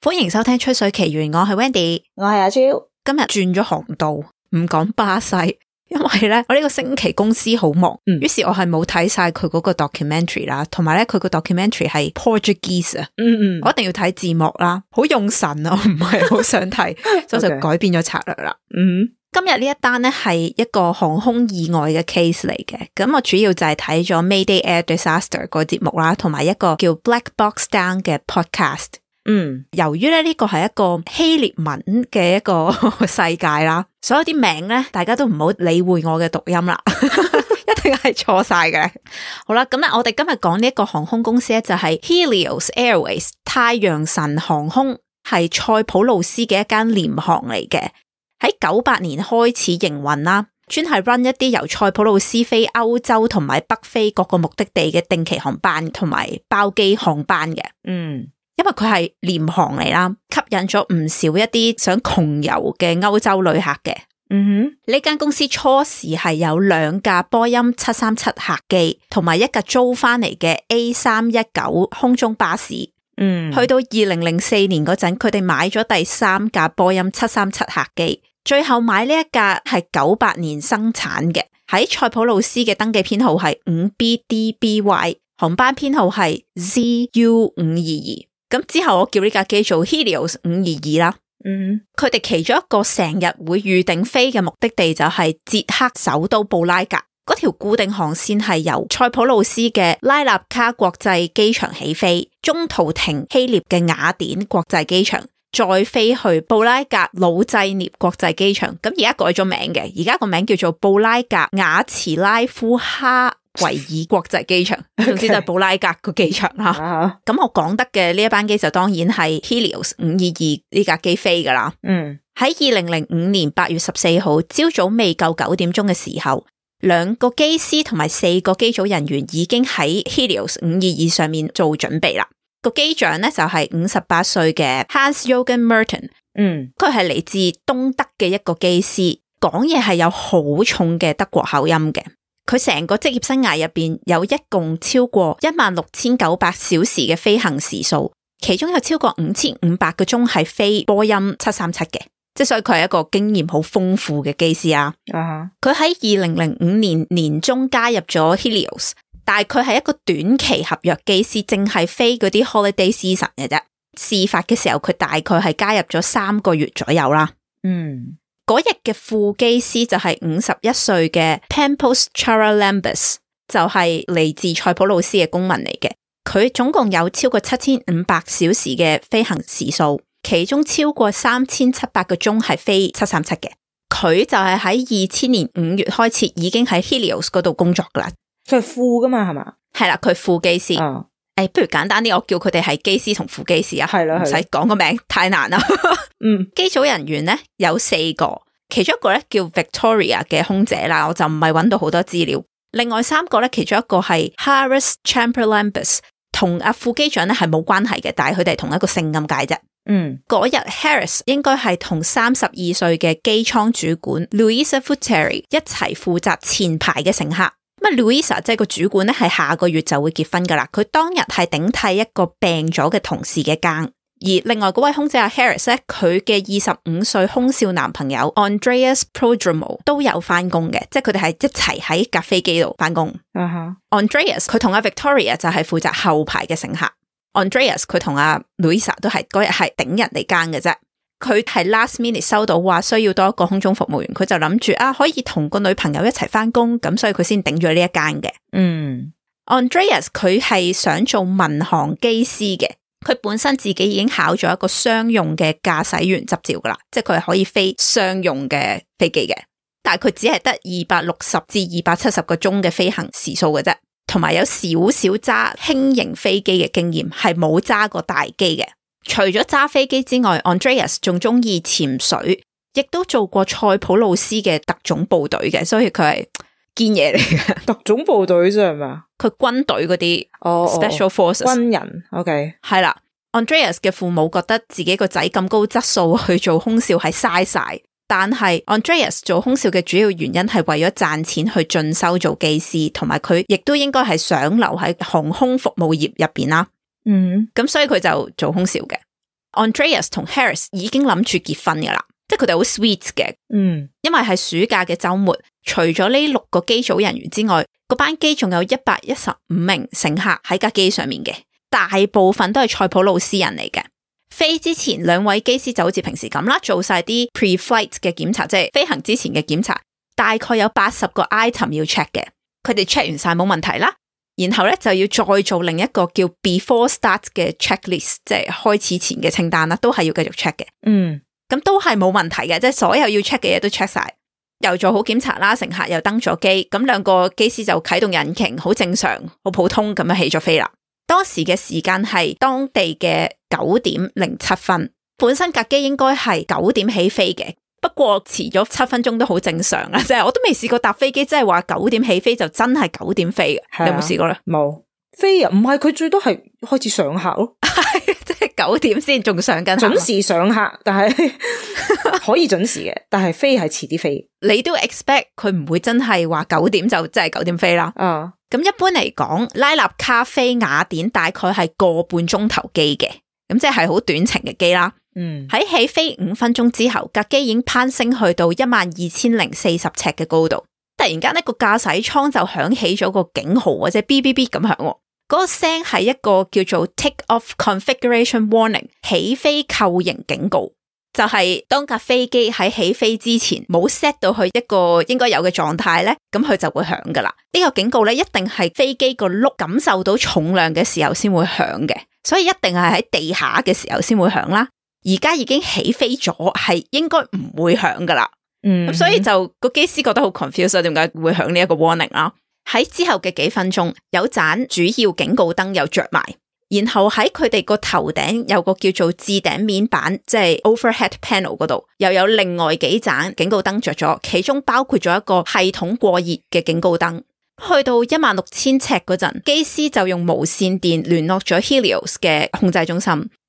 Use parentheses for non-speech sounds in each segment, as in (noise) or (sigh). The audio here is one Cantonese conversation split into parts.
歡迎收聽《吹水奇緣》，我係 Wendy，我係阿超。今日轉咗航道，唔講巴西，因為咧我呢個星期公司好忙，嗯、於是我係冇睇晒佢嗰個 documentary 啦，同埋咧佢個 documentary 係 Portuguese 啊，嗯嗯，我一定要睇字幕啦，好用神啊，我唔係好想睇， (laughs) 所以就改變咗策略啦，嗯。今日呢一單咧係一個航空意外嘅 case 嚟嘅，咁我主要就係睇咗 Mayday Air Disaster 個節目啦，同埋一個叫 Black Box Down 嘅 podcast。嗯，由於咧呢個係一個希臘文嘅一個世界啦，所有啲名咧大家都唔好理會我嘅讀音啦， (laughs) 一定係錯晒嘅。 (laughs) 好啦，咁咧我哋今日講呢一個航空公司咧就係 Helios Airways 太陽神航空係塞浦路斯嘅一間廉航嚟嘅。喺九八年開始營運啦，專係 run 一啲由塞浦路斯飛歐洲同埋北非各個目的地嘅定期航班同埋包機航班嘅。嗯，因為佢係廉航嚟啦，吸引咗唔少一啲想窮遊嘅歐洲旅客嘅。嗯哼，呢間公司初時係有兩架波音七三七客機，同埋一架租翻嚟嘅 A 三一九空中巴士。嗯，去到二零零四年嗰陣，佢哋買咗第三架波音七三七客機。最後買呢一架係九八年生產嘅，喺塞浦路斯嘅登記編號係五 BDBY，航班編號係 ZU 五二二。咁之後我叫呢架機做 Helios 五二二啦。嗯，佢哋其中一個成日會預定飛嘅目的地就係捷克首都布拉格。嗰條固定航線係由塞浦路斯嘅拉納卡國際機場起飛，中途停希臘嘅雅典國際機場。再飛去布拉格魯濟涅國際機場，咁而家改咗名嘅，而家個名叫做布拉格瓦茨拉夫哈維爾國際機場，Okay. 總之就係布拉格個機場啦。咁、uh huh. 我講得嘅呢一班機就當然係 Helios 五二二呢架機飛㗎啦。嗯、uh，喺二零零五年八月十四號朝早未夠九點鐘嘅時候，兩個機師同埋四個機組人員已經喺 Helios 五二二上面做準備啦。個機長咧就係、是、五十八歲嘅 Hans Jürgen Merten，嗯，佢係嚟自東德嘅一個機師，講嘢係有好重嘅德國口音嘅。佢成個職業生涯入邊有一共超過一萬六千九百小時嘅飛行時數，其中有超過五千五百個鐘係飛波音七三七嘅，即係所以佢係一個經驗好豐富嘅機師啊。啊、嗯哼，佢喺二零零五年年中加入咗 Helios。但係佢係一個短期合約機師，淨係飛嗰啲 holiday season 嘅啫。事發嘅時候，佢大概係加入咗三個月左右啦。嗯，嗰日嘅副機師就係五十一歲嘅 Pampos Charalambus，就係嚟自塞浦路斯嘅公民嚟嘅。佢總共有超過七千五百小時嘅飛行時數，其中超過三千七百個鐘係飛七三七嘅。佢就係喺二千年五月開始已經喺 Helios 嗰度工作噶啦。佢係副噶嘛，係嘛？係啦，佢副機師。誒、哦哎，不如簡單啲，我叫佢哋係機師同副機師啊。係啦的，唔使講個名太難啦。 (laughs) 嗯，機組人員咧有四個，其中一個咧叫 Victoria 嘅空姐啦，我就唔係揾到好多資料。另外三個咧，其中一個係 Harris Chamberlambus，同阿副機長咧係冇關係嘅，但係佢哋同一個姓咁解啫。嗯，嗰日 Harris 應該係同三十二歲嘅機艙主管 Louisa Futeri 一齊負責前排嘅乘客。咁 Louisa 即係個主管咧，係下個月就會結婚噶啦。佢當日係頂替一個病咗嘅同事嘅更，而另外嗰位空姐阿 Harris 咧，佢嘅二十五歲空少男朋友 Andreas Prodromou 都有翻工嘅，即係佢哋係一齊喺架飛機度翻工。啊哈、uh huh！Andreas 佢同阿 Victoria 就係負責後排嘅乘客。Andreas 佢同阿 Louisa 都係嗰日係頂人嚟更嘅啫。佢係 last minute 收到話需要多一個空中服務員，佢就諗住啊，可以同個女朋友一齊翻工，咁所以佢先頂咗呢一間嘅。嗯，Andreas 佢係想做民航機師嘅，佢本身自己已經考咗一個商用嘅駕駛員執照噶啦，即係佢係可以飛商用嘅飛機嘅，但係佢只係得二百六十至二百七十個鐘嘅飛行時數嘅啫，同埋有少少揸輕型飛機嘅經驗，係冇揸過大機嘅。除咗揸飛機之外，Andreas 仲中意潛水，亦都做過塞浦路斯嘅特種部隊嘅，所以佢係堅嘢嚟嘅。特種部隊啫係嘛？佢軍隊嗰啲哦，special forces 軍人。OK，係啦。Andreas 嘅父母覺得自己個仔咁高質素去做空少係嘥晒，但係 Andreas 做空少嘅主要原因係為咗賺錢去進修做機師，同埋佢亦都應該係想留喺航空服務業入邊啦。嗯，咁、mm. 所以佢就做空少嘅。Andreas 同 Harris 已經諗住結婚噶啦，即係佢哋好 sweet 嘅。嗯，mm. 因為係暑假嘅周末，除咗呢六個機組人員之外，個班機仲有一百一十五名乘客喺架機上面嘅，大部分都係塞浦路斯人嚟嘅。飛之前，兩位機師就好似平時咁啦，做晒啲 pre-flight 嘅檢查，即係飛行之前嘅檢查，大概有八十個 item 要 check 嘅，佢哋 check 完晒冇問題啦。然後咧就要再做另一個叫 before start 嘅 checklist，即係開始前嘅清單啦，都係要繼續 check 嘅。嗯，咁都係冇問題嘅，即係所有要 check 嘅嘢都 check 晒，又做好檢查啦，乘客又登咗機，咁兩個機師就啟動引擎，好正常，好普通咁樣起咗飛啦。當時嘅時間係當地嘅九點零七分，本身架機應該係九點起飛嘅。不過遲咗七分鐘都好正常啊！即係我都未試過搭飛機，即係話九點起飛就真係九點飛嘅，有冇試過咧？冇飛啊？唔係佢最多係開始上客咯，即係九點先仲上緊，準時上客，但係 (laughs) 可以準時嘅，但係飛係遲啲飛。 (laughs) 你都 expect 佢唔會真係話九點就真係九點飛啦。嗯，咁一般嚟講，拉納卡飛雅典大概係個半鐘頭機嘅，咁即係好短程嘅機啦。嗯，喺 (noise) 起飛五分鐘之後，架機已經攀升去到一萬二千零四十尺嘅高度。突然間，呢個駕駛艙就響起咗個警號，或者嗶嗶嗶咁響。嗰、那個聲係一個叫做 Take Off Configuration Warning 起飛構型警告，就係、是、當架飛機喺起飛之前冇 set 到去一個應該有嘅狀態咧，咁佢就會響噶啦。呢、這個警告咧，一定係飛機個轆感受到重量嘅時候先會響嘅，所以一定係喺地下嘅時候先會響啦。而家已經起飛咗，係應該唔會響噶啦。咁、mm hmm. 所以就個機師覺得好 confused，點解會響呢一個 warning 啦？喺之後嘅幾分鐘，有盞主要警告燈又着埋，然後喺佢哋個頭頂有個叫做置頂面板，即係 overhead panel 嗰度，又有另外幾盞警告燈着咗，其中包括咗一個系統過熱嘅警告燈。去到一萬六千尺嗰陣，機師就用無線電聯絡咗 Helios 嘅控制中心。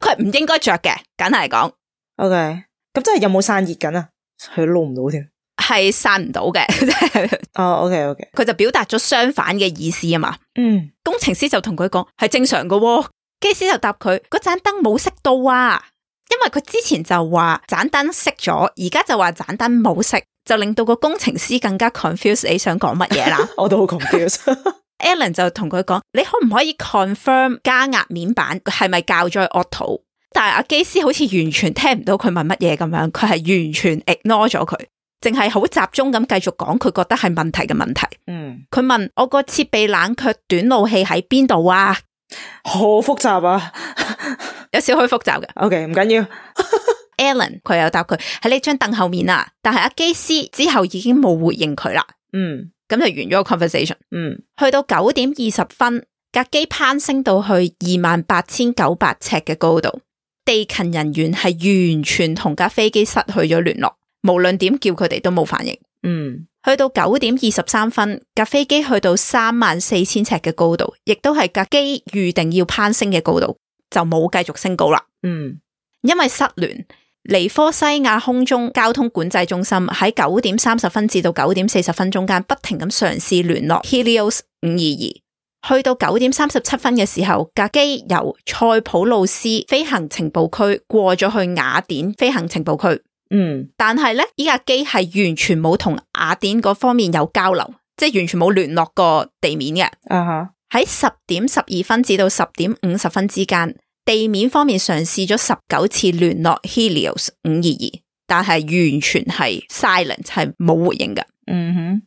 佢唔應該着嘅，簡單嚟講。OK，咁即係有冇散熱緊啊？佢撈唔到添，係散唔到嘅。哦，OK，OK，佢就表達咗相反嘅意思啊嘛。嗯，工程師就同佢講係正常嘅。哦，機師就答佢嗰盞燈冇熄到啊，因為佢之前就話盞燈熄咗，而家就話盞燈冇熄，就令到個工程師更加 confuse，你想講乜嘢啦？ (laughs) 我都好 confuse。 (laughs) Alan 就同佢講：你可唔可以 confirm 加壓面板佢係咪校咗去 auto？但係阿機師好似完全聽唔到佢問乜嘢咁樣，佢係完全 ignore 咗佢，淨係好集中咁繼續講佢覺得係問題嘅問題。嗯，佢問我個設備冷卻短路器喺邊度啊？好複雜啊， (laughs) (laughs) 有少少複雜嘅。OK，唔緊要。 (laughs) Alan 佢又答佢喺呢張凳後面啊，但係阿機師之後已經冇回應佢啦。嗯。咁就完咗個 conversation。嗯，去到九點二十分，架機攀升到去二萬八千九百尺嘅高度，地勤人員係完全同架飛機失去咗聯絡，無論點叫佢哋都冇反應。嗯，去到九點二十三分，架飛機去到三萬四千尺嘅高度，亦都係架機預定要攀升嘅高度，就冇繼續升高啦。嗯，因為失聯。尼科西亞空中交通管制中心喺九點三十分至到九點四十分中間不停咁嘗試聯絡 Helios 五二二，去到九點三十七分嘅時候，架機由塞浦路斯飛行情報區過咗去雅典飛行情報區，嗯，但係咧呢架機係完全冇同雅典嗰方面有交流，即係完全冇聯絡過地面嘅，啊哈，喺十點十二分至到十點五十分之間。地面方面嘗試咗十九次聯絡 Helios 五二二，但係完全係 silence，係冇回應嘅。嗯哼，mm-hmm，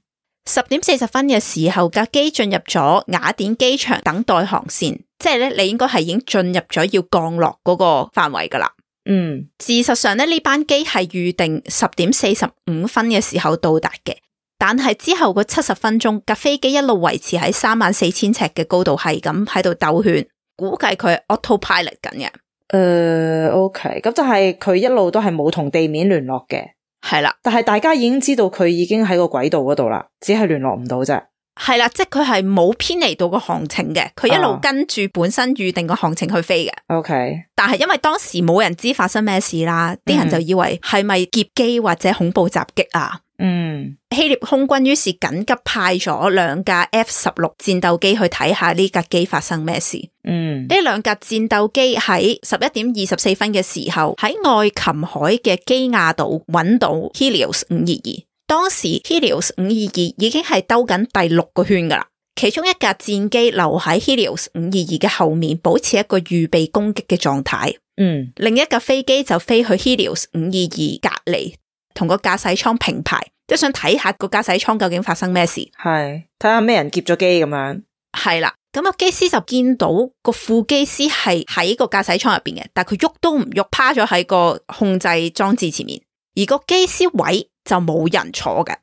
十點四十分嘅時候架機進入咗雅典機場等待航線，即係咧你應該係已經進入咗要降落嗰個範圍噶啦。嗯，mm-hmm，事實上咧呢班機係預定十點四十五分嘅時候到達嘅，但係之後個七十分鐘架飛機一路維持喺三萬四千尺嘅高度係咁喺度兜圈。估計佢係 auto pilot 緊嘅。誒、嗯、，OK，咁就係佢一路都係冇同地面聯絡嘅。係啦的，但係大家已經知道佢已經喺個軌道嗰度啦，只係聯絡唔到啫。係啦，即係佢係冇偏離到個行程嘅，佢一路跟住本身預定個行程去飛嘅、哦。OK，但係因為當時冇人知發生咩事啦，啲、嗯、人就以為係咪劫機或者恐怖襲擊啊？嗯，希臘空軍於是緊急派咗兩架 F 十六戰鬥機去睇下呢架機發生咩事。嗯，呢兩架戰鬥機喺十一點二十四分嘅時候喺愛琴海嘅基亞島搵到 Helios 五二二。當時 Helios 五二二已經係兜緊第六個圈㗎喇，其中一架戰機留喺 Helios 五二二嘅後面，保持一個預備攻擊嘅狀態。嗯，另一架飛機就飛去 Helios 五二二隔籬。同個駕駛艙平排，即想睇下個駕駛艙究竟發生咩事。係睇下咩人劫咗機咁樣。係啦，咁個機師就見到個副機師係喺個駕駛艙入邊嘅，但係佢喐都唔喐，趴咗喺個控制裝置前面，而個機師位就冇人坐嘅，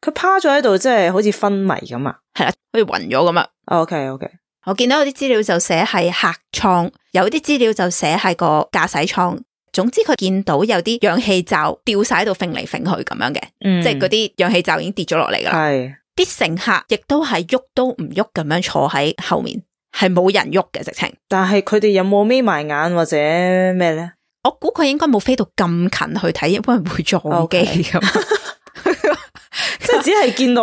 佢趴咗喺度，即係好似昏迷咁啊，係啦，好似暈咗咁啊。OK，OK，Okay, okay. 我見到有啲資料就寫係客艙，有啲資料就寫係個駕駛艙。總之佢見到有啲氧氣罩掉晒喺度揈嚟揈去咁樣嘅，即係嗰啲氧氣罩已經跌咗落嚟㗎啦。係的，啲乘客亦都係喐都唔喐咁樣坐喺後面，係冇人喐嘅直情。但係佢哋有冇眯埋眼或者咩咧？我估佢應該冇飛到咁近去睇，一般會撞機咁，即係只係見到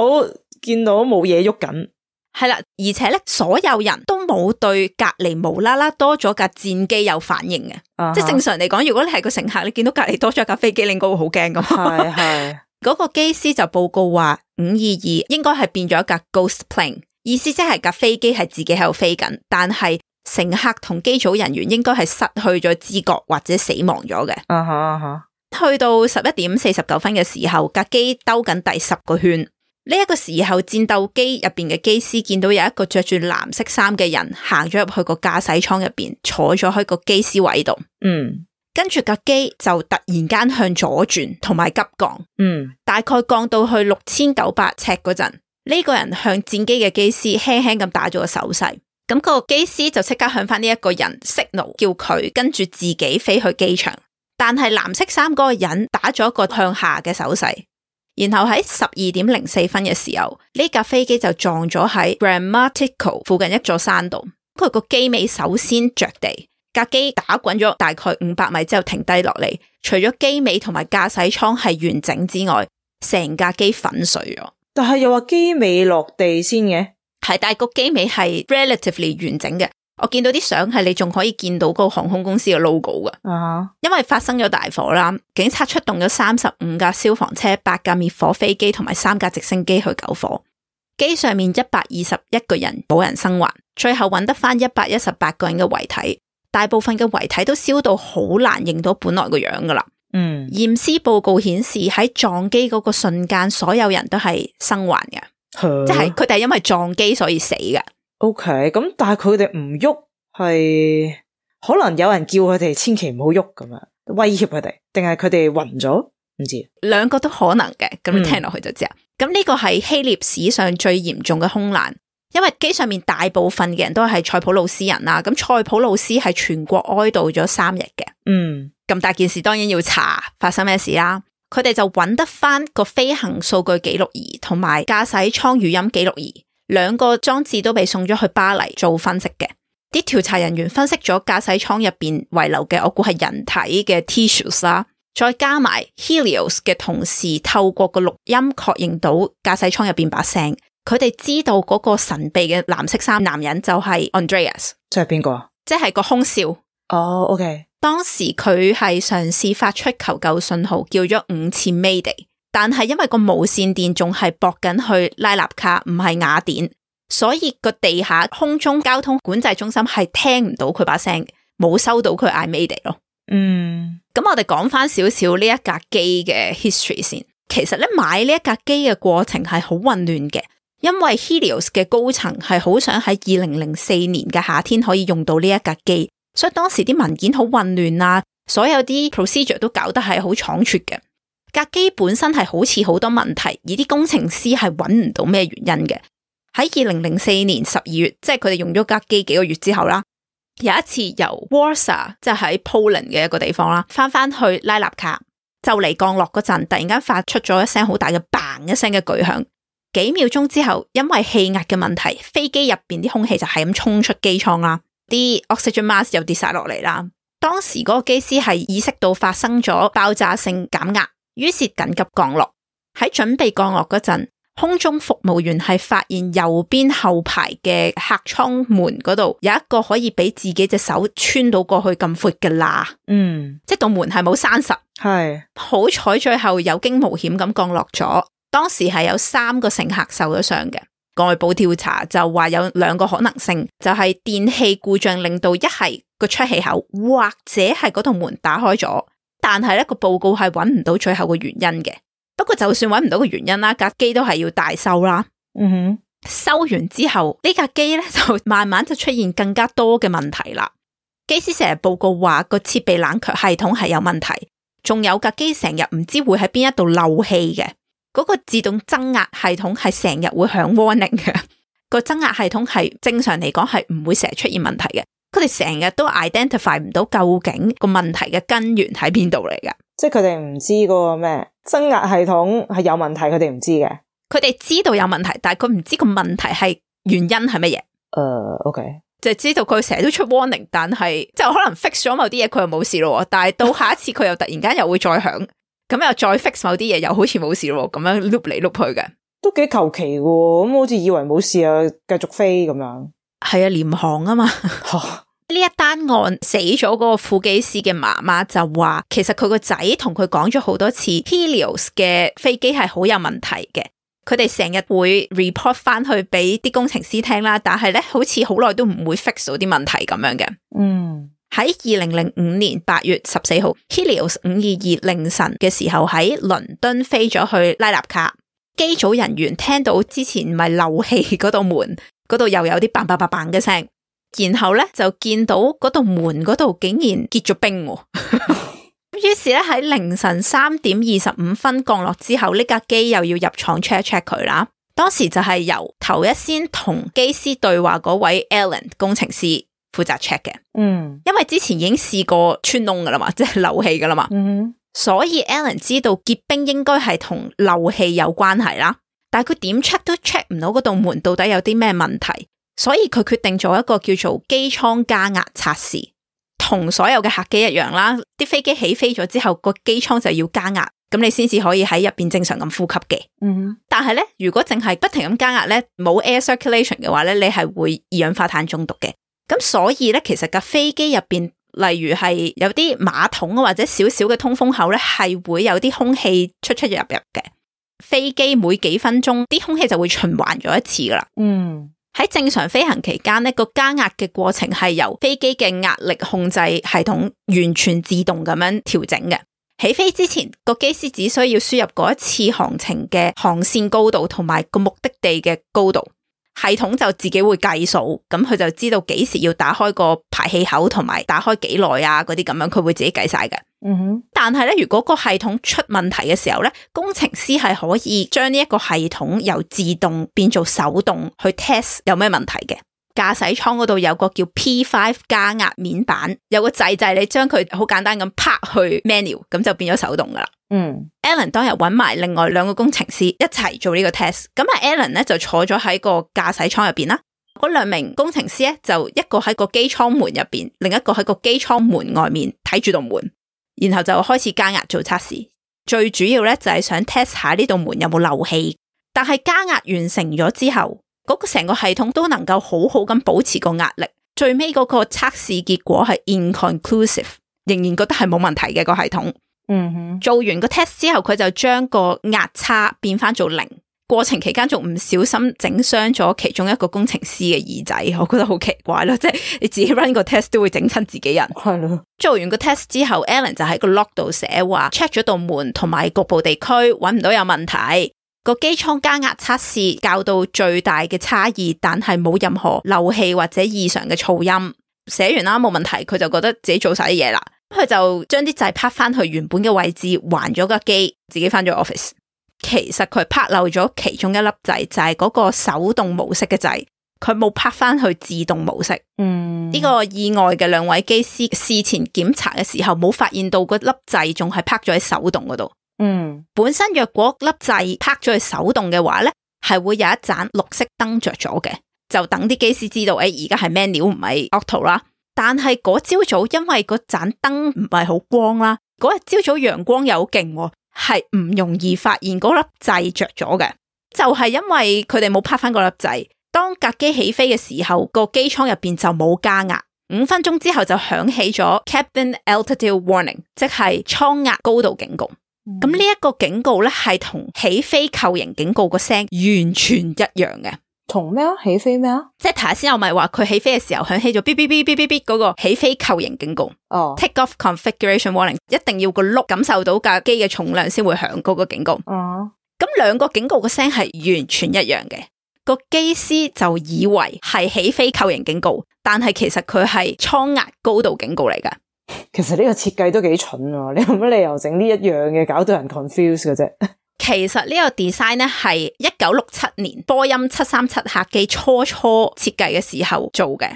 見到冇嘢喐緊。係啦，而且咧，所有人都冇對隔籬無啦啦多咗架戰機有反應嘅，uh huh. 即係正常嚟講，如果你係個乘客，你見到隔籬多咗架飛機，你應該會好驚噶嘛。係 (laughs) 係、uh，嗰、huh. 個機師就報告話五二二應該係變咗一架 ghost plane，意思即係架飛機係自己喺度飛緊，但係乘客同機組人員應該係失去咗知覺或者死亡咗嘅。Uh huh. uh huh. 去到十一點四十九分嘅時候，架機兜緊第十個圈。呢個時候，戰鬥機入邊嘅機師見到有一個着住藍色衫嘅人行咗入去個駕駛艙入邊，坐咗喺個機師位度。嗯，跟住架機就突然間向左轉，同埋急降。嗯，大概降到去六千九百尺嗰陣，呢個人向戰機嘅機師輕輕咁打咗個手勢。咁個機師就即刻向翻呢一個人 signal，叫佢跟住自己飛去機場。但係藍色衫嗰個人打咗一個向下嘅手勢。然後喺十二點零四分嘅時候，呢架飛機就撞咗喺 Grammatiko 附近一座山度。佢個機尾首先着地，架機打滾咗大概五百米之後停低落嚟。除咗機尾同埋駕駛艙係完整之外，成架機粉碎咗。但係又話機尾落地先嘅，係但係個機尾係 relatively 完整嘅。我見到啲相係你仲可以見到個航空公司嘅 logo 嘅，uh huh. 因為發生咗大火啦，警察出動咗三十五架消防車、八架滅火飛機同埋三架直升機去救火，機上面一百二十一個人冇人生還，最後揾得翻一百一十八個人嘅遺體，大部分嘅遺體都燒到好難認到本來個樣噶啦，嗯、uh，驗、huh. 屍報告顯示喺撞機嗰個瞬間，所有人都係生還嘅，uh huh. 即係佢哋因為撞機所以死嘅。OK，咁但係佢哋唔喐，係可能有人叫佢哋千祈唔好喐咁樣，威脅佢哋，定係佢哋暈咗？唔知兩個都可能嘅，咁你聽落去就知啦。咁呢、嗯、個係希臘史上最嚴重嘅空難，因為機上面大部分嘅人都係塞浦路斯人啦。咁塞浦路斯係全國哀悼咗三日嘅。嗯，咁大件事當然要查發生咩事啦。佢哋就揾得翻個飛行數據記錄儀同埋駕駛艙語音記錄儀。兩個裝置都被送咗去巴黎做分析嘅，啲調查人員分析咗駕駛艙入邊遺留嘅，我估係人體嘅 tissue 啦，再加埋 Helios 嘅同事透過個錄音確認到駕駛艙入邊把聲，佢哋知道嗰個神秘嘅藍色衫男人就係 Andreas，即係邊個？即係個空少。哦、oh，OK。當時佢係嘗試發出求救信號，叫咗五次 Mayday。但係因為個無線電仲係駁緊去拉納卡，唔係雅典，所以個地下空中交通管制中心係聽唔到佢把聲，冇收到佢 I made it 咯。嗯，咁、嗯、我哋講翻少少呢一架機嘅 history 先。其實咧買呢一架機嘅過程係好混亂嘅，因為 Helios 嘅高層係好想喺二零零四年嘅夏天可以用到呢一架機，所以當時啲文件好混亂啊，所有啲 procedure 都搞得係好倉促嘅。架機本身係好似好多問題，而啲工程師係揾唔到咩原因嘅。喺二零零四年十二月，即係佢哋用咗架機幾個月之後啦，有一次由 Warsaw 即係喺 Poland 嘅一個地方啦，翻翻去拉納卡就嚟降落嗰陣，突然間發出咗一聲好大嘅 bang 一聲嘅巨響，幾秒鐘之後，因為氣壓嘅問題，飛機入邊啲空氣就係咁沖出機艙啦，啲 Oxygen mask 又跌晒落嚟啦。當時嗰個機師係意識到發生咗爆炸性減壓。於是緊急降落。喺準備降落嗰陣，空中服務員係發現右邊後排嘅客艙門嗰度有一個可以俾自己隻手穿到過去咁闊嘅罅。嗯，即係道門係冇閂實。係是好彩，最後有驚無險咁降落咗。當時係有三個乘客受咗傷嘅。外部調查就話有兩個可能性，就係、是、電器故障令到一係個出氣口，或者係嗰道門打開咗。但係咧個報告係搵唔到最後個原因嘅，不過就算搵唔到個原因啦，架機都係要大修啦。嗯哼，修完之後呢架機咧就慢慢就出現更加多嘅問題啦。機師成日報告話個設備冷卻系統係有問題，仲有架機成日唔知會喺邊一度漏氣嘅，嗰個自動增壓系統係成日會響 warning 嘅，個增壓系統係正常嚟講係唔會成日出現問題嘅。佢哋成日都 identify 唔到究竟個問題嘅根源喺邊度嚟㗎。即係佢哋唔知嗰個咩增壓系統係有問題，佢哋唔知嘅。佢哋知道有問題，但係佢唔知個問題係原因係乜嘢。誒，uh，OK，就係知道佢成日都出 warning，但係即係可能 fix 咗某啲嘢，佢又冇事咯。但係到下一次佢又突然間又會再響，咁 (laughs) 又再 fix 某啲嘢，又好似冇事咯，咁樣碌嚟碌去嘅，都幾求其嘅。咁好似以為冇事啊，繼續飛咁樣。係啊，廉航啊嘛， (laughs) 呢一單案死咗嗰個副機師嘅媽媽就話，其實佢個仔同佢講咗好多次，Helios 嘅飛機係好有問題嘅，佢哋成日會 report 翻去俾啲工程師聽啦，但係咧好似好耐都唔會 fix 到啲問題咁樣嘅。嗯、mm.，喺二零零五年八月十四號，Helios 五二二凌晨嘅時候喺倫敦飛咗去拉納卡，機組人員聽到之前咪漏氣嗰道門。嗰度又有啲棒棒棒嘅聲，然後咧就見到嗰道門嗰度竟然結咗冰，哦，咁 (laughs) (laughs) 於是咧喺凌晨三點二十五分降落之後，呢架機又要入廠 check check 佢啦。當時就係由頭一先同機師對話嗰位 Alan 工程師負責 check 嘅，嗯，因為之前已經試過穿窿噶啦嘛，即係漏氣噶啦嘛，嗯，所以 Alan 知道結冰應該係同漏氣有關係啦。但係佢點 check 都 check 唔到嗰道門到底有啲咩問題，所以佢決定做一個叫做機艙加壓測試。同所有嘅客機一樣啦，啲飛機起飛咗之後個機艙就要加壓，咁你先至可以喺入邊正常咁呼吸嘅。嗯，但係咧，如果淨係不停咁加壓咧，冇 air circulation 嘅話咧，你係會二氧化碳中毒嘅。咁所以咧，其實架飛機入邊，例如係有啲馬桶或者少少嘅通風口咧，係會有啲空氣出出入入嘅。飛機每幾分鐘啲空氣就會循環咗一次噶啦。嗯，喺正常飛行期間呢個加壓嘅過程係由飛機嘅壓力控制系統完全自動咁樣調整嘅。起飛之前，個機師只需要輸入嗰一次航程嘅航線高度同埋個目的地嘅高度，系統就自己會計數，咁佢就知道幾時要打開個排氣口同埋打開幾耐啊，嗰啲咁樣佢會自己計晒嘅。嗯哼，但係咧，如果個系統出問題嘅時候咧，工程師係可以將呢一個系統由自動變做手動去 test 有咩問題嘅。駕駛艙嗰度有個叫 P5 加壓面板，有個掣就係你將佢好簡單咁拍去 manual 咁就變咗手動噶啦。嗯，Alan 當日揾埋另外兩個工程師一齊做個呢個 test，咁啊，Alan 咧就坐咗喺個駕駛艙入邊啦，嗰兩名工程師咧就一個喺個機艙門入邊，另一個喺個機艙門外面睇住度門。然後就開始加壓做測試，最主要咧就係想 test 下呢道門有冇漏氣。但係加壓完成咗之後，嗰個成個系統都能夠好好咁保持個壓力。最尾嗰個測試結果係 inconclusive，仍然覺得係冇問題嘅個系統。嗯哼，做完個 test 之後，佢就將個壓差變翻做零。過程期間仲唔小心整傷咗其中一個工程師嘅耳仔，我覺得好奇怪咯，即係你自己 run 個 test 都會整親自己人。係咯， (noise) 做完個 test 之後，Alan 就喺個 lock 度寫話 check 咗道門同埋局部地區，揾唔到有問題。個機艙加壓測試校到最大嘅差異，但係冇任何漏氣或者異常嘅噪音。寫完啦，冇問題，佢就覺得自己做晒啲嘢啦，佢就將啲掣拍翻去原本嘅位置，還咗個機，自己翻咗 office。其實佢拍漏咗其中一粒掣，就係嗰個手動模式嘅掣，佢冇拍翻去自動模式。嗯，呢個意外嘅兩位機師事前檢查嘅時候冇發現到嗰粒掣仲係拍咗喺手動嗰度。嗯，本身若果粒掣拍咗喺手動嘅話咧，係會有一盞綠色燈着咗嘅，就等啲機師知道誒，而家係咩料唔係 auto 啦。但係嗰朝早因為嗰盞燈唔係好光啦，嗰日朝早陽光又好勁。係唔容易發現嗰粒掣着咗嘅，就係因為佢哋冇拍翻嗰粒掣。當客機起飛嘅時候，個機艙入邊就冇加壓。五分鐘之後就響起咗 Captain Altitude Warning，即係艙壓高度警告。咁呢一個警告咧，係同起飛構型警告個聲完全一樣嘅。同咩啊起飛咩啊，即係頭先。我咪話佢起飛嘅時候響起咗嗶嗶嗶嗶嗶嗶嗰個起飛構型警告哦，take off configuration warning，一定要個轆感受到架機嘅重量先會響嗰個警告哦。咁兩個警告嘅聲係完全一樣嘅，個機師就以為係起飛構型警告，但係其實佢係艙壓高度警告嚟噶。其實呢個設計都幾蠢啊！你有乜理由整呢一樣嘢搞到人 confuse 嘅啫？其實呢個 design 咧，係一九六七年波音七三七客機初初設計嘅時候做嘅，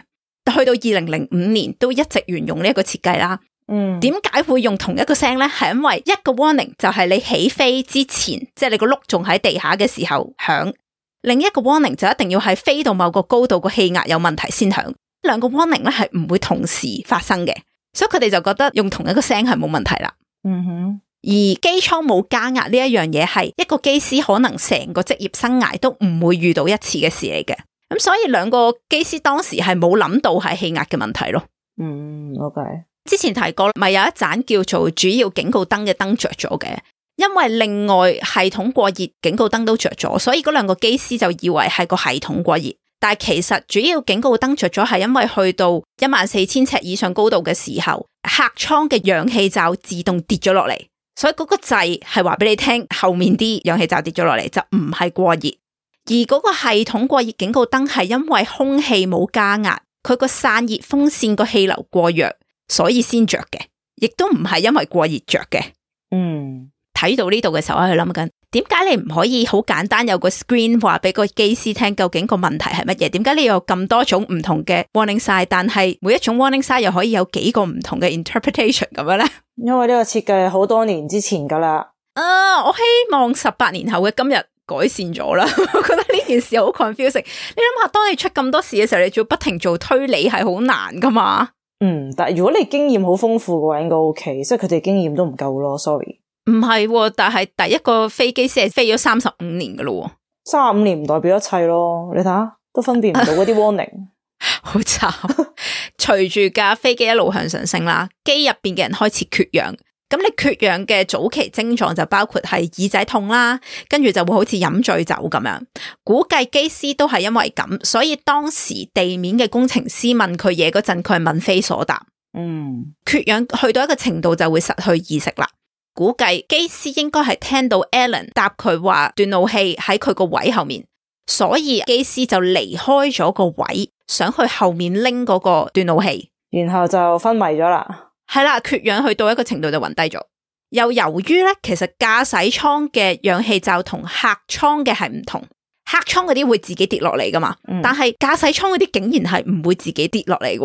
去到二零零五年都一直沿用呢一個設計啦。嗯，點解會用同一個聲呢？係因為一個 warning 就係你起飛之前，即係你個轆仲喺地下嘅時候響；另一個 warning 就一定要係飛到某個高度個氣壓有問題先響。兩個 warning 咧係唔會同時發生嘅，所以佢哋就覺得用同一個聲係冇問題啦。嗯哼。而機艙冇加壓呢一樣嘢，係一個機師可能成個職業生涯都唔會遇到一次嘅事嚟嘅。咁所以兩個機師當時係冇諗到係氣壓嘅問題咯。嗯，OK。之前提過，咪有一盞叫做主要警告燈嘅燈着咗嘅，因為另外系統過熱，警告燈都着咗，所以嗰兩個機師就以為係個系統過熱，但係其實主要警告燈着咗係因為去到一萬四千尺以上高度嘅時候，客艙嘅氧氣罩自動跌咗落嚟。所以嗰個掣係話俾你聽，後面啲氧氣罩跌咗落嚟就唔係過熱，而嗰個系統過熱警告燈係因為空氣冇加壓，佢個散熱風扇個氣流過弱，所以先着嘅，亦都唔係因為過熱着嘅。嗯，睇到呢度嘅時候，我喺度諗緊，點解你唔可以好簡單有個 screen 話俾個機師聽，究竟個問題係乜嘢？點解你有咁多種唔同嘅 warning sign，但係每一種 warning sign 又可以有幾個唔同嘅 interpretation 咁樣咧？因為呢個設計好多年之前噶啦，啊，uh, 我希望十八年後嘅今日改善咗啦。 (laughs) 我覺得呢件事好 confusing。你諗下，當你出咁多事嘅時候，你仲要不停做推理，係好難噶嘛？嗯，但係如果你經驗好豐富嘅話，應該 OK。即係佢哋經驗都唔夠咯，sorry。唔係、哦，但係第一個飛機先係飛咗三十五年噶咯。三十五年唔代表一切咯。你睇下，都分辨唔到嗰啲 warning。 (laughs) 好慘！隨住架飛機一路向上升啦，機入邊嘅人開始缺氧。咁你缺氧嘅早期症狀就包括係耳仔痛啦，跟住就會好似飲醉酒咁樣。估計機師都係因為咁，所以當時地面嘅工程師問佢嘢嗰陣，佢係問非所答。嗯，缺氧去到一個程度就會失去意識啦。估計機師應該係聽到 Alan 答佢話斷路器喺佢個位後面，所以機師就離開咗個位。想去後面拎嗰個斷路器，然後就昏迷咗啦。係啦，缺氧去到一個程度就暈低咗。又由於咧，其實駕駛艙嘅氧氣罩同客艙嘅係唔同，客艙嗰啲會自己跌落嚟噶嘛。嗯、但係駕駛艙嗰啲竟然係唔會自己跌落嚟嘅。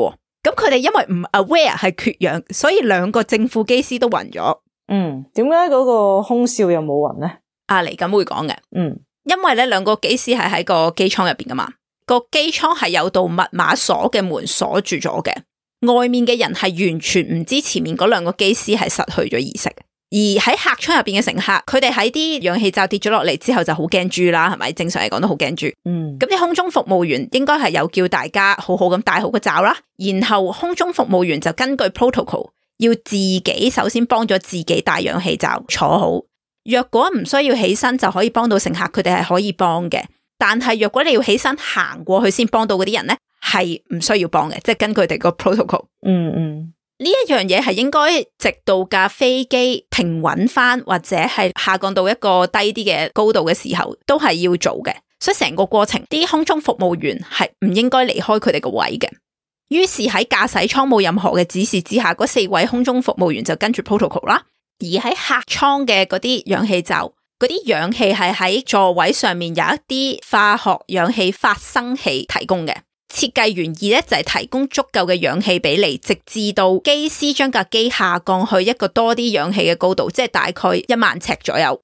咁佢哋因為唔 aware 係缺氧，所以兩個正副機師都暈咗。嗯，點解嗰個空少又冇暈咧？阿黎咁會講嘅，嗯，因為咧兩個機師係喺個機艙入邊噶嘛。個機艙係有道密碼鎖嘅門鎖住咗嘅，外面嘅人係完全唔知前面嗰兩個機師係失去咗意識，而喺客艙入邊嘅乘客，佢哋喺啲氧氣罩跌咗落嚟之後就好驚住啦，係咪？正常嚟講都好驚住。嗯，咁啲空中服務員應該係有叫大家好好咁戴好個罩啦，然後空中服務員就根據 protocol 要自己首先幫咗自己戴氧氣罩坐好，若果唔需要起身就可以幫到乘客，佢哋係可以幫嘅。但係，若果你要起身行過去先幫到嗰啲人呢，係唔需要幫嘅，即係根據佢哋個 protocol，嗯。嗯嗯，呢一樣嘢係應該直到架飛機平穩翻，或者係下降到一個低啲嘅高度嘅時候，都係要做嘅。所以成個過程，啲空中服務員係唔應該離開佢哋個位嘅。於是喺駕駛艙冇任何嘅指示之下，嗰四位空中服務員就跟住 protocol 啦，而喺客艙嘅嗰啲氧氣罩。嗰啲氧氣係喺座位上面有一啲化學氧氣發生器提供嘅，設計原意咧就係、是、提供足夠嘅氧氣俾你，直至到機師將架機下降去一個多啲氧氣嘅高度，即係大概一萬尺左右。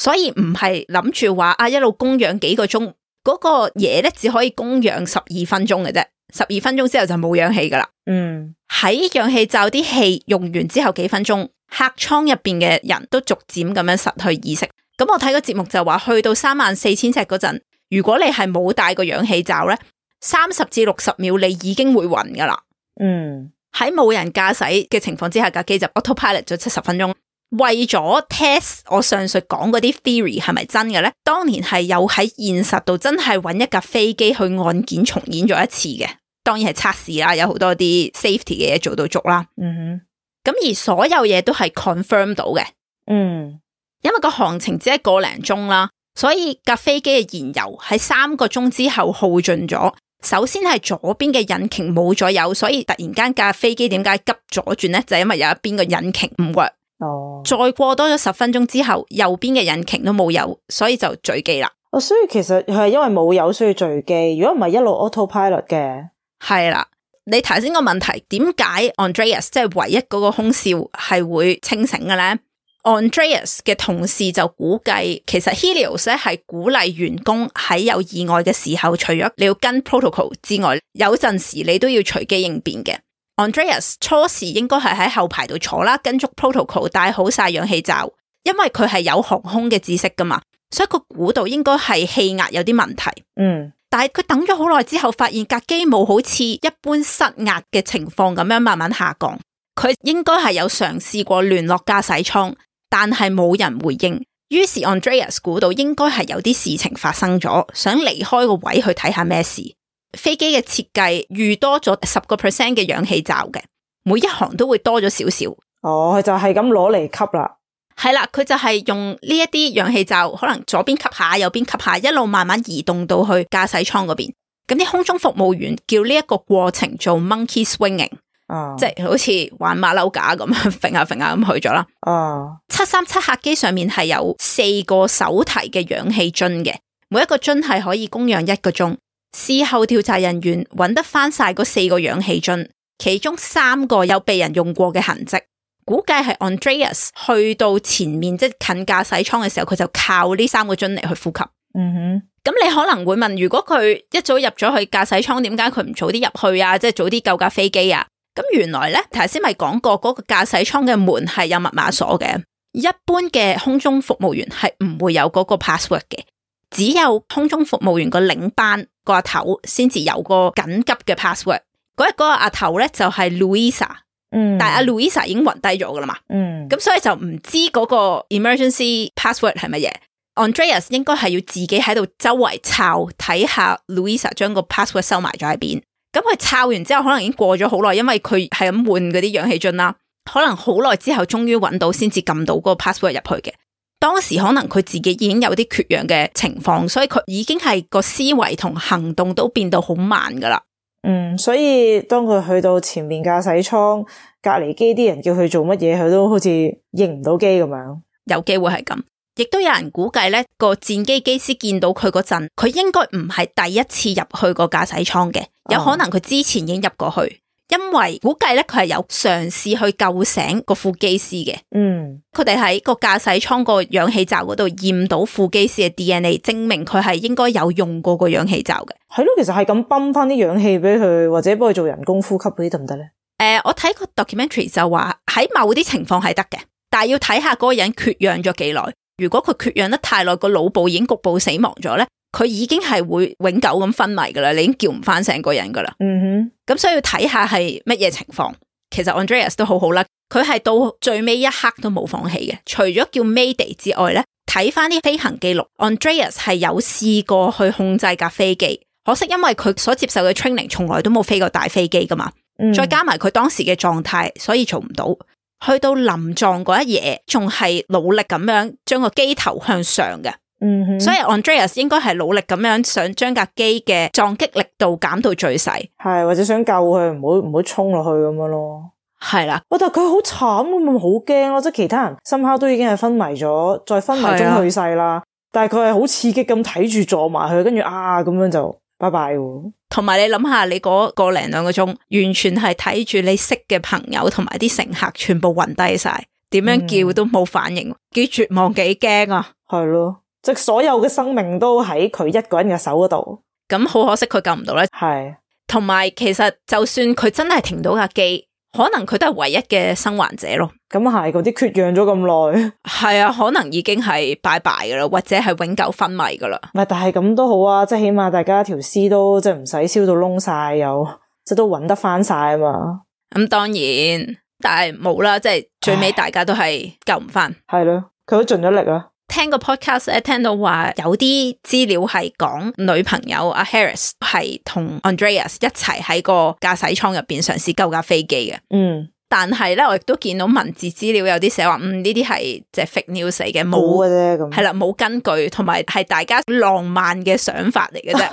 所以唔係諗住話啊一路供氧幾個鐘，嗰、那個嘢咧只可以供氧十二分鐘嘅啫，十二分鐘之後就冇氧氣噶啦。嗯，喺氧氣罩啲氣用完之後幾分鐘，客艙入邊嘅人都逐漸咁樣失去意識。咁我睇個節目就話，去到三萬四千尺嗰陣，如果你係冇戴個氧氣罩咧，三十至六十秒你已經會暈噶啦。嗯，喺冇人駕駛嘅情況之下架機就 autopilot 咗七十分鐘，為咗 test 我上述講嗰啲 theory 係咪真嘅咧？當年係有喺現實度真係揾一架飛機去案件重演咗一次嘅，當然係測試啦，有好多啲 safety 嘅嘢做到足啦。嗯哼，咁而所有嘢都係 confirm 到嘅。嗯。因為個行程只係個零鐘啦，所以架飛機嘅燃油喺三個鐘之後耗盡咗。首先係左邊嘅引擎冇咗油，所以突然間架飛機點解急左轉呢？就係因為有一邊個引擎唔 work 哦。再過多咗十分鐘之後，右邊嘅引擎都冇油，所以就墜機啦。哦，所以其實係因為冇油所以墜機。如果唔係一路 autopilot 嘅，係啦。你頭先個問題，點解 Andreas 即係唯一嗰個空少係會清醒嘅呢？Andreas 嘅同事就估計，其實 Helios 呢係鼓勵員工喺有意外嘅時候，除咗你要跟 protocol 之外，有陣時你都要隨機應變嘅。Andreas 初時應該係喺後排度坐啦，跟足 protocol，戴好晒氧氣罩，因為佢係有航空嘅知識㗎嘛，所以佢估到應該係氣壓有啲問題。嗯，但係佢等咗好耐之後，發現架機冇好似一般失壓嘅情況咁樣慢慢下降，佢應該係有嘗試過聯絡駕駛艙。但係冇人回應，於是 Andreas 估到應該係有啲事情發生咗，想離開個位去睇下咩事。飛機嘅設計預多咗十個 percent 嘅氧氣罩嘅，每一行都會多咗少少。哦，佢就係咁攞嚟吸啦，係啦，佢就係用呢一啲氧氣罩，可能左邊吸下，右邊吸下，一路慢慢移動到去駕駛艙嗰邊。咁啲空中服務員叫呢一個過程做 Monkey Swinging。即係好似玩馬騮架咁樣揈下揈下咁去咗啦。哦，七三七客機上面係有四個手提嘅氧氣樽嘅，每一個樽係可以供氧一個鐘。事後調查人員揾得翻晒嗰四個氧氣樽，其中三個有被人用過嘅痕迹，估計係 Andreas 去到前面，即係近駕駛艙嘅時候，佢就靠呢三個樽嚟去呼吸。嗯哼、mm，咁、hmm，你可能會問，如果佢一早入咗去駕駛艙，點解佢唔早啲入去啊？即係早啲救架飛機啊？咁原來咧，頭先咪講過嗰個駕駛艙嘅門係有密碼鎖嘅，一般嘅空中服務員係唔會有嗰個 password 嘅，只有空中服務員個領班個阿頭先至有個緊急嘅 password。嗰日嗰個阿頭咧就係 Louisa，嗯，但係阿 Louisa 已經暈低咗噶啦嘛，嗯，咁所以就唔知嗰個 emergency password 係乜嘢。Andreas 應該係要自己喺度周圍抄睇下 Louisa 將個 password 收埋咗喺邊。咁佢抄完之後，可能已經過咗好耐，因為佢係咁換嗰啲氧氣樽啦。可能好耐之後，終於揾到先至撳到嗰個 password 入去嘅。當時可能佢自己已經有啲缺氧嘅情況，所以佢已經係個思維同行動都變到好慢㗎喇。嗯，所以當佢去到前面駕駛艙隔籬機啲人叫佢做乜嘢，佢都好似認唔到機咁樣， (noise) 有機會係咁。亦都有人估計咧，個戰機機師見到佢嗰陣，佢應該唔係第一次入去個駕駛艙嘅，有可能佢之前已經入過去，因為估計咧佢係有嘗試去救醒個副機師嘅。嗯，佢哋喺個駕駛艙個氧氣罩嗰度驗到副機師嘅 D N A，證明佢係應該有用過個氧氣罩嘅。係咯，其實係咁泵翻啲氧氣俾佢，或者幫佢做人工呼吸嗰啲得唔得咧？誒、呃，我睇個 documentary 就話喺某啲情況係得嘅，但係要睇下嗰個人缺氧咗幾耐。如果佢缺氧得太耐，個腦部已經局部死亡咗咧，佢已經係會永久咁昏迷噶啦，你已經叫唔翻成個人噶啦。嗯哼，咁所以要睇下係乜嘢情況。其實 Andreas 都好好啦，佢係到最尾一刻都冇放棄嘅，除咗叫 Mayday 之外咧，睇翻啲飛行記錄，Andreas 係有試過去控制架飛機，可惜因為佢所接受嘅 training 從來都冇飛過大飛機噶嘛，嗯、再加埋佢當時嘅狀態，所以做唔到。去到臨撞嗰一夜，仲係努力咁樣將個機頭向上嘅，嗯、哼所以 Andreas 應該係努力咁樣想將架機嘅撞擊力度減到最細，係或者想救佢唔好唔好衝落去咁樣咯。係啦的、哦，我覺得佢好慘咁，好驚咯，即係其他人幸好都已經係昏迷咗，再昏迷中去世啦。的但係佢係好刺激咁睇住撞埋佢，跟住啊咁樣就。拜拜，同埋你諗下，你嗰個零兩個鐘，完全係睇住你識嘅朋友同埋啲乘客，全部暈低晒，點樣叫都冇反應，幾、嗯、絕望，幾驚啊！係咯，即所有嘅生命都喺佢一個人嘅手嗰度，咁好可惜佢救唔到咧。係的，同埋其實就算佢真係停到架機。可能佢都係唯一嘅生還者咯。咁係，嗰啲缺氧咗咁耐，係 (laughs) 啊，可能已經係拜拜噶啦，或者係永久昏迷噶啦。唔係，但係咁都好啊，即係起碼大家條屍都即係唔使燒到窿晒，又即係都揾得翻晒啊嘛。咁、嗯、當然，但係冇啦，即係最尾唉大家都係救唔翻。係咯，佢都盡咗力啊。聽個 podcast 咧，聽到話有啲資料係講女朋友阿 Harris 係同 Andreas 一齊喺個駕駛艙入邊嘗試救架飛機嘅。嗯，但係咧我亦都見到文字資料有啲寫話，嗯，呢啲係即係 fake news 嚟嘅，冇嘅啫咁。係啦、嗯，冇根據，同埋係大家浪漫嘅想法嚟嘅啫，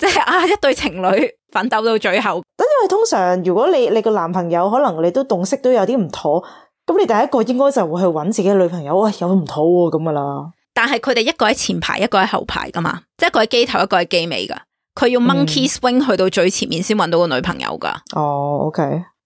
即係 (laughs) 啊，一對情侶奮鬥到最後。咁因為通常如果你你個男朋友可能你都洞悉都有啲唔妥。咁你第一個應該就會去揾自己嘅女朋友，哎、有唔妥咁噶啦。但係佢哋一個喺前排，一個喺後排噶嘛，即係一個喺機頭，一個喺機尾噶。佢要 Monkey Swing 去到最前面先揾到個女朋友噶。哦，OK。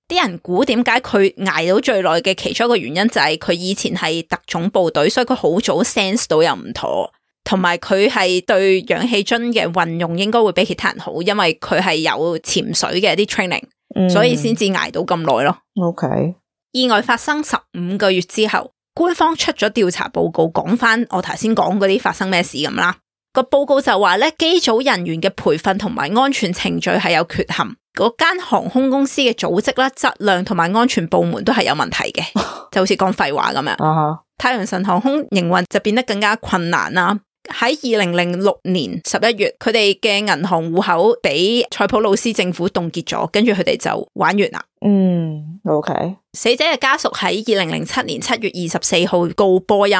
啲人估點解佢挨到最耐嘅，其中一個原因就係佢以前係特種部隊，所以佢好早 sense 到有唔妥，同埋佢係對氧氣樽嘅運用應該會比其他人好，因為佢係有潛水嘅啲 training，所以先至挨到咁耐咯、嗯。OK。意外發生十五個月之後，官方出咗調查報告，講翻我頭先講嗰啲發生咩事咁啦。個報告就話咧，機組人員嘅培訓同埋安全程序係有缺陷，嗰間航空公司嘅組織啦、質量同埋安全部門都係有問題嘅，就好似講廢話咁樣。太陽神航空營運就變得更加困難啦。喺二零零六年十一月，佢哋嘅銀行戶口俾塞浦路斯政府凍結咗，跟住佢哋就玩完啦。嗯。OK，死者嘅家屬喺二零零七年七月二十四號告波音，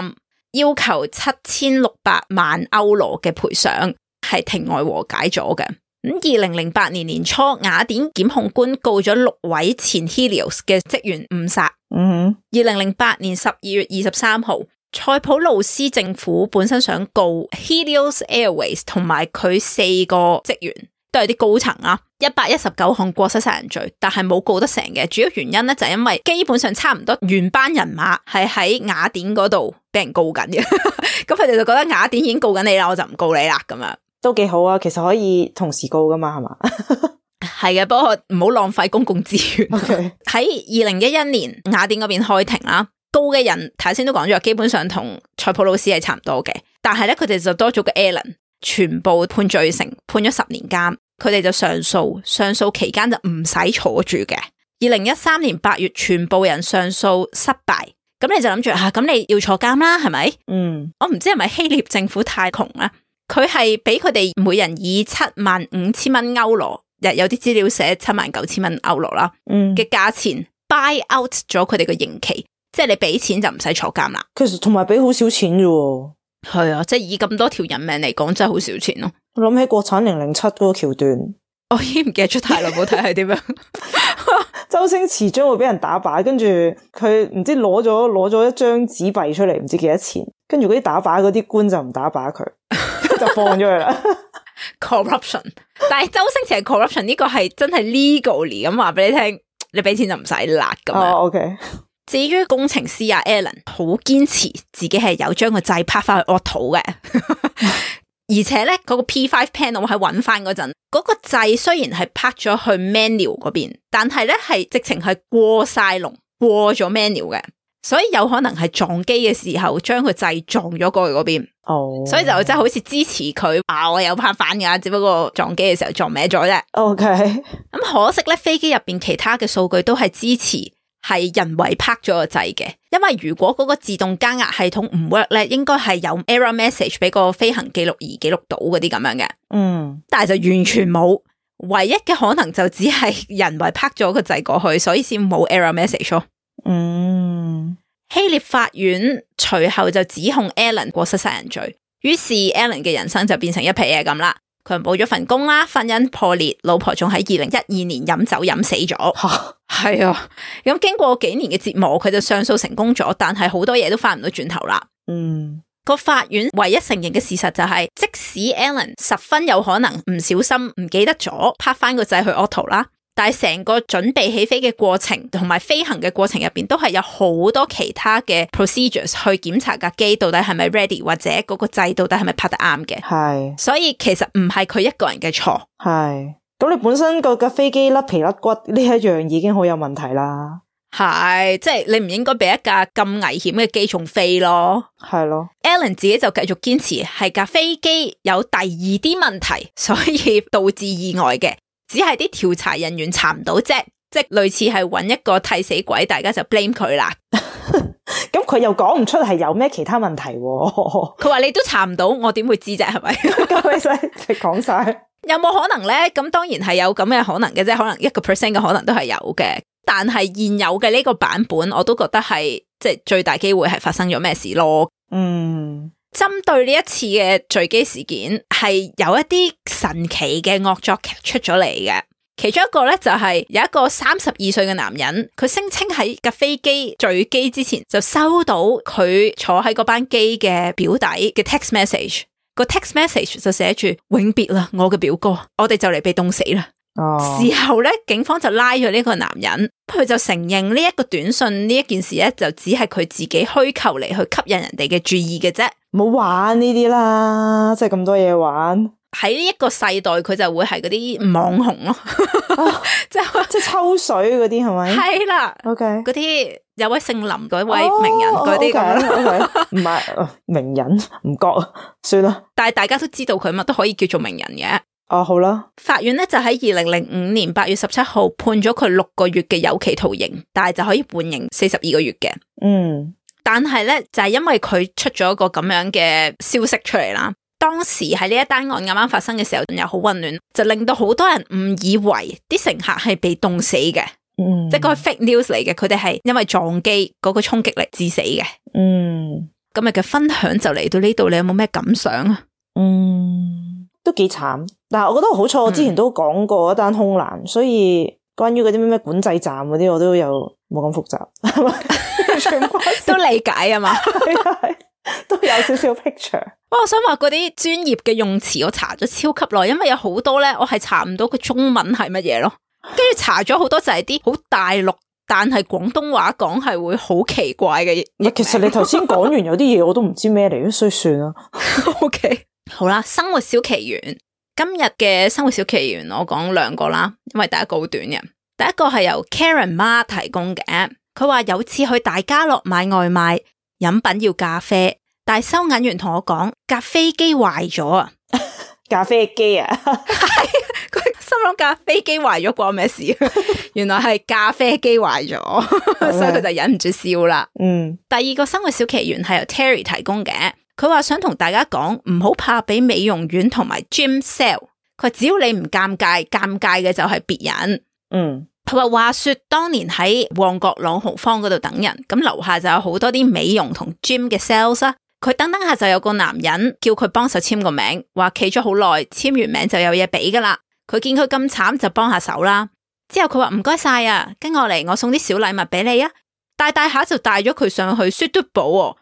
要求七千六百萬歐羅嘅賠償，係庭外和解咗嘅。咁二零零八年年初，雅典檢控官告咗六位前 Helios 嘅職員誤殺。嗯、mm，二零零八年十二月二十三號，塞浦路斯政府本身想告 Helios Airways 同埋佢四個職員。都係啲高層啊，一百一十九項過失殺人罪，但係冇告得成嘅，主要原因咧就係、是、因為基本上差唔多原班人馬係喺雅典嗰度俾人告緊嘅，咁佢哋就覺得雅典已經告緊你啦，我就唔告你啦咁樣，都幾好啊，其實可以同時告噶嘛，係嘛？係 (laughs) 嘅，不過唔好浪費公共資源。喺二零一一年雅典嗰邊開庭啦，告嘅人頭先都講咗，基本上同塞浦路斯係差唔多嘅，但係咧佢哋就多咗個 Alan 全部判罪成，判咗十年監，佢哋就上訴，上訴期間就唔使坐住嘅。二零一三年八月，全部人上訴失敗，咁你就諗住吓，咁，啊，你要坐監啦，係咪？嗯，我唔知係咪希臘政府太窮啦，佢係俾佢哋每人以七萬五千蚊歐羅，日有啲資料寫七萬九千蚊歐羅啦，嗯嘅價錢 buy out 咗佢哋個刑期，即係你俾錢就唔使坐監啦。其實同埋俾好少錢咋？係啊，即係以咁多條人命嚟講，真係好少錢咯、啊。我諗起國產零零七嗰個橋段，我 (laughs) 已經唔記得出太耐。冇睇係點樣。 (laughs) 周星馳將會俾人打靶，跟住佢唔知攞咗攞咗一張紙幣出嚟，唔知幾多錢。跟住嗰啲打靶嗰啲官就唔打靶佢， (laughs) 就放咗佢啦。Corruption，但係周星馳係 corruption，呢個係真係 legally 咁話俾你聽，你俾錢就唔使辣咁樣。Oh, okay. 至於工程師啊，Alan 好堅持自己係有將個掣拍翻去 auto 嘅，而且咧嗰、那個 P5 panel 我係揾翻嗰陣，嗰、那個掣雖然係拍咗去 manual 嗰邊，但係咧係直情係過晒龍過咗 manual 嘅，所以有可能係撞機嘅時候將個掣撞咗過去嗰邊，哦，oh。所以就真係好似支持佢啊，我有拍反㗎，只不過撞機嘅時候撞歪咗啫。OK，咁可惜咧，飛機入邊其他嘅數據都係支持。係人為拍咗個掣嘅，因為如果嗰個自動加壓系統唔 work 咧，應該係有 error message 俾個飛行記錄儀記錄到嗰啲咁樣嘅。嗯，但係就完全冇，唯一嘅可能就只係人為拍咗個掣過去，所以先冇 error message 咯。嗯，希臘法院隨後就指控 Alan 過失殺人罪，於是 Alan 嘅人生就變成一皮嘢咁啦。佢又冇咗份工啦，婚姻破裂，老婆仲喺二零一二年飲酒飲死咗，係 (laughs) 啊，咁經過幾年嘅折磨，佢就上訴成功咗，但係好多嘢都翻唔到轉頭啦。嗯，個法院唯一承認嘅事實就係、是，即使 Alan 十分有可能唔小心唔記得咗拍翻個仔去惡徒啦。但係成個準備起飛嘅過程，同埋飛行嘅過程入邊，都係有好多其他嘅 procedures 去檢查架機到底係咪 ready，或者嗰個掣到底係咪拍得啱嘅。係，所以其實唔係佢一個人嘅錯。係，咁你本身個架飛機甩皮甩骨呢一樣已經好有問題啦。係，即係你唔應該俾一架咁危險嘅機重飛咯。係咯，Allen 自己就繼續堅持係架飛機有第二啲問題，所以導致意外嘅。只係啲調查人員查唔到啫，即係類似係揾一個替死鬼，大家就 blame 佢啦。咁 (laughs) 佢 (laughs) 又講唔出係有咩其他問題，啊，佢 (laughs) 話你都查唔到，我點會知啫？係咪？各位，你講晒有冇可能咧？咁當然係有咁嘅可能嘅啫，可能一個 percent 嘅可能都係有嘅。但係現有嘅呢個版本，我都覺得係即係最大機會係發生咗咩事咯。嗯。針對呢一次嘅墜機事件，係有一啲神奇嘅惡作劇出咗嚟嘅。其中一個咧就係、是、有一個三十二歲嘅男人，佢聲稱喺架飛機墜機之前就收到佢坐喺嗰班機嘅表弟嘅 text message。個 text message 就寫住永別啦，我嘅表哥，我哋就嚟被凍死啦。事、oh. 後咧，警方就拉咗呢個男人，佢就承認呢一個短信、這個、呢一件事咧，就只係佢自己虛構嚟去吸引人哋嘅注意嘅啫。冇玩呢啲啦，即係咁多嘢玩。喺呢個世代，佢就會係嗰啲網紅咯，即係即係抽水嗰啲，係咪？係啦了，OK。嗰啲有位姓林嗰位名人嗰啲咁樣，唔係名人，唔覺，算啦。但係大家都知道佢乜都可以叫做名人嘅。哦、oh，好啦。法院咧就喺二零零五年八月十七號判咗佢六個月嘅有期徒刑，但係就可以判刑四十二個月嘅。嗯。Mm. 但係咧，就係、是、因為佢出咗個咁樣嘅消息出嚟啦。當時喺呢一單案啱啱發生嘅時候，又好混亂，就令到好多人誤以為啲乘客係被凍死嘅，嗯、即係個 fake news 嚟嘅。佢哋係因為撞機嗰個衝擊力致死嘅。嗯，今日嘅分享就嚟到呢度，你有冇咩感想啊？嗯，都幾慘。但係我覺得好彩，我之前都講過一單空難，嗯、所以關於嗰啲咩咩管制站嗰啲，我都有。冇咁複雜， (laughs) 係 (laughs) 都理解啊嘛， (laughs) (laughs) 都有少少 picture。不過我想話嗰啲專業嘅用詞，我查咗超級耐，因為有好多咧，我係查唔到佢中文係乜嘢咯。跟住查咗好多就係啲好大陸，但係廣東話講係會好奇怪嘅嘢。 (laughs) 其實你頭先講完有啲嘢，我都唔知咩嚟，所以算啦。 (laughs) OK，好啦，生活小奇懸，今日嘅生活小奇懸，我講兩個啦，因為第一個好短嘅。第一個係由 Karen Ma 提供嘅，佢話有次去大家樂買外賣，飲品要咖啡，但收銀員同我講咖啡機壞咗啊！咖啡機 (laughs) 啊，佢 (laughs) (laughs) 心諗咖啡機壞咗關咩事？ (laughs) 原來係咖啡機壞咗， (laughs) (laughs) 所以佢就忍唔住笑啦。嗯，第二個生活小奇懸係由 Terry 提供嘅，佢話想同大家講唔好怕俾美容院同埋 Gym sell，佢話只要你唔尷尬，尷尬嘅就係別人。嗯，佢話話說當年喺旺角朗豪坊嗰度等人，咁樓下就有好多啲美容同 gym 嘅 sales 啊，佢等等下就有個男人叫佢幫手簽個名，話企咗好耐，簽完名就有嘢俾噶啦。佢見佢咁慘就幫下手啦，之後佢話唔該晒啊，跟我嚟我送啲小禮物俾你啊，大大下就帶咗佢上去雪都寶，哦，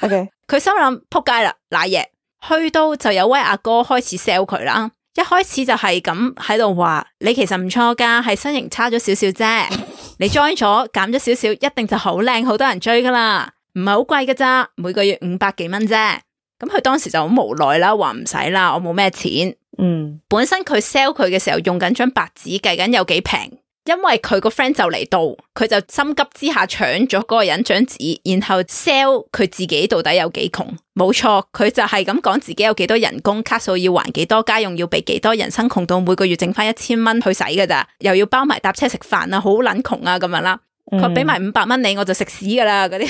佢 (laughs) Okay. 心諗撲街啦，乃嘢，去到就有位阿哥，哥開始 sell 佢啦。一開始就係咁喺度話，你其實唔錯噶係身形差咗少少啫。 (laughs) 你 join 咗減咗少少，一定就好靚，好多人追噶啦，唔係好貴噶咋，每個月五百幾蚊啫。咁佢當時就好無奈啦，話唔使啦，我冇咩錢。嗯，本身佢 sell 佢嘅時候用緊張白紙計緊有幾平。因為佢個 friend 就嚟到，佢就心急之下搶咗嗰個人張紙，然後 sell 佢自己到底有幾窮？冇錯，佢就係咁講自己有幾多人工卡數要還幾多，家用要俾幾多，人生窮到每個月剩翻一千蚊去使噶咋，又要包埋搭車食飯啊，好撚窮啊咁樣啦。佢俾埋五百蚊你，我就食屎噶啦嗰啲。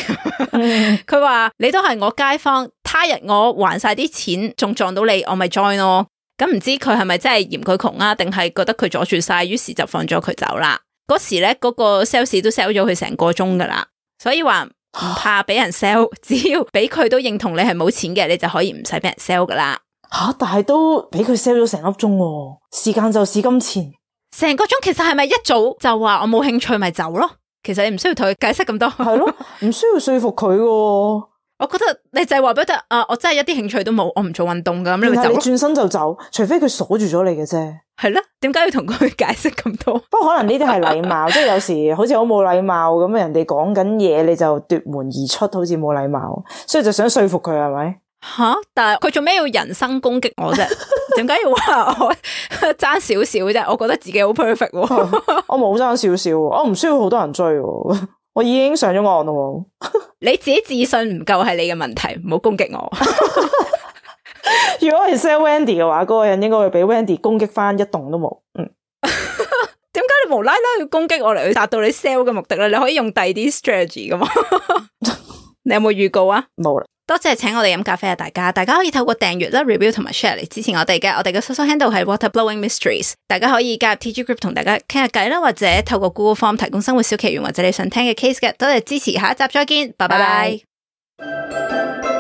佢話 (laughs) 你都係我街坊，他日我還晒啲錢，仲撞到你，我咪 join 咯。咁唔知佢係咪真係嫌佢窮啊？定係覺得佢阻住晒，於是就放咗佢走啦。嗰時咧，嗰、個 sales 都 sell 咗佢成個鐘噶啦。所以話唔怕俾人 sell， (laughs) 只要俾佢都認同你係冇錢嘅，你就可以唔使俾人 sell 噶啦。吓、啊，但係都俾佢 sell 咗成粒鐘，時間就是金錢。成個鐘其實係咪一早就話我冇興趣咪走咯？其實你唔需要同佢解釋咁多， (laughs) 係咯，唔需要說服佢、啊。我覺得你就係話俾佢聽啊！我真係一啲興趣都冇，我唔做運動咁，你咪走、啊。轉身就走，除非佢鎖住咗你嘅啫。係咯，點解要同佢解釋咁多？不過可能呢啲係禮貌， (laughs) 即係有時好似好冇禮貌咁，人哋講緊嘢你就奪門而出，好似冇禮貌，所以就想說服佢係咪？吓、啊！但係佢做咩要人身攻擊我啫？ (laughs) 我點解要話我爭少少啫？我覺得自己好 perfect，我、啊、冇爭少少、啊，我唔需要好多人追、啊。我已經上咗岸咯，你自己自信唔夠係你嘅問題，唔好攻擊我。 (laughs) (laughs) 如果係 sell Wendy 嘅話，嗰、嗰個人應該會俾 Wendy 攻擊翻一戙都冇。嗯，點解 (laughs) 你無啦啦要攻擊我嚟去達到你 sell 嘅目的咧？你可以用第二啲 strategy 噶嘛。 (laughs) 你有冇預告啊？冇啦。多謝請我哋飲咖啡啊，大家！大家可以透過訂閱啦、review 同埋 share 嚟支持我哋嘅。我哋嘅 social handle 係 Water Blowing Mysteries。大家可以加入 TG group 同大家傾下偈啦，或者透過 Google Form 提供生活小奇懸或者你想聽嘅 case 嘅。多謝支持，下一集再見，拜拜。 (music)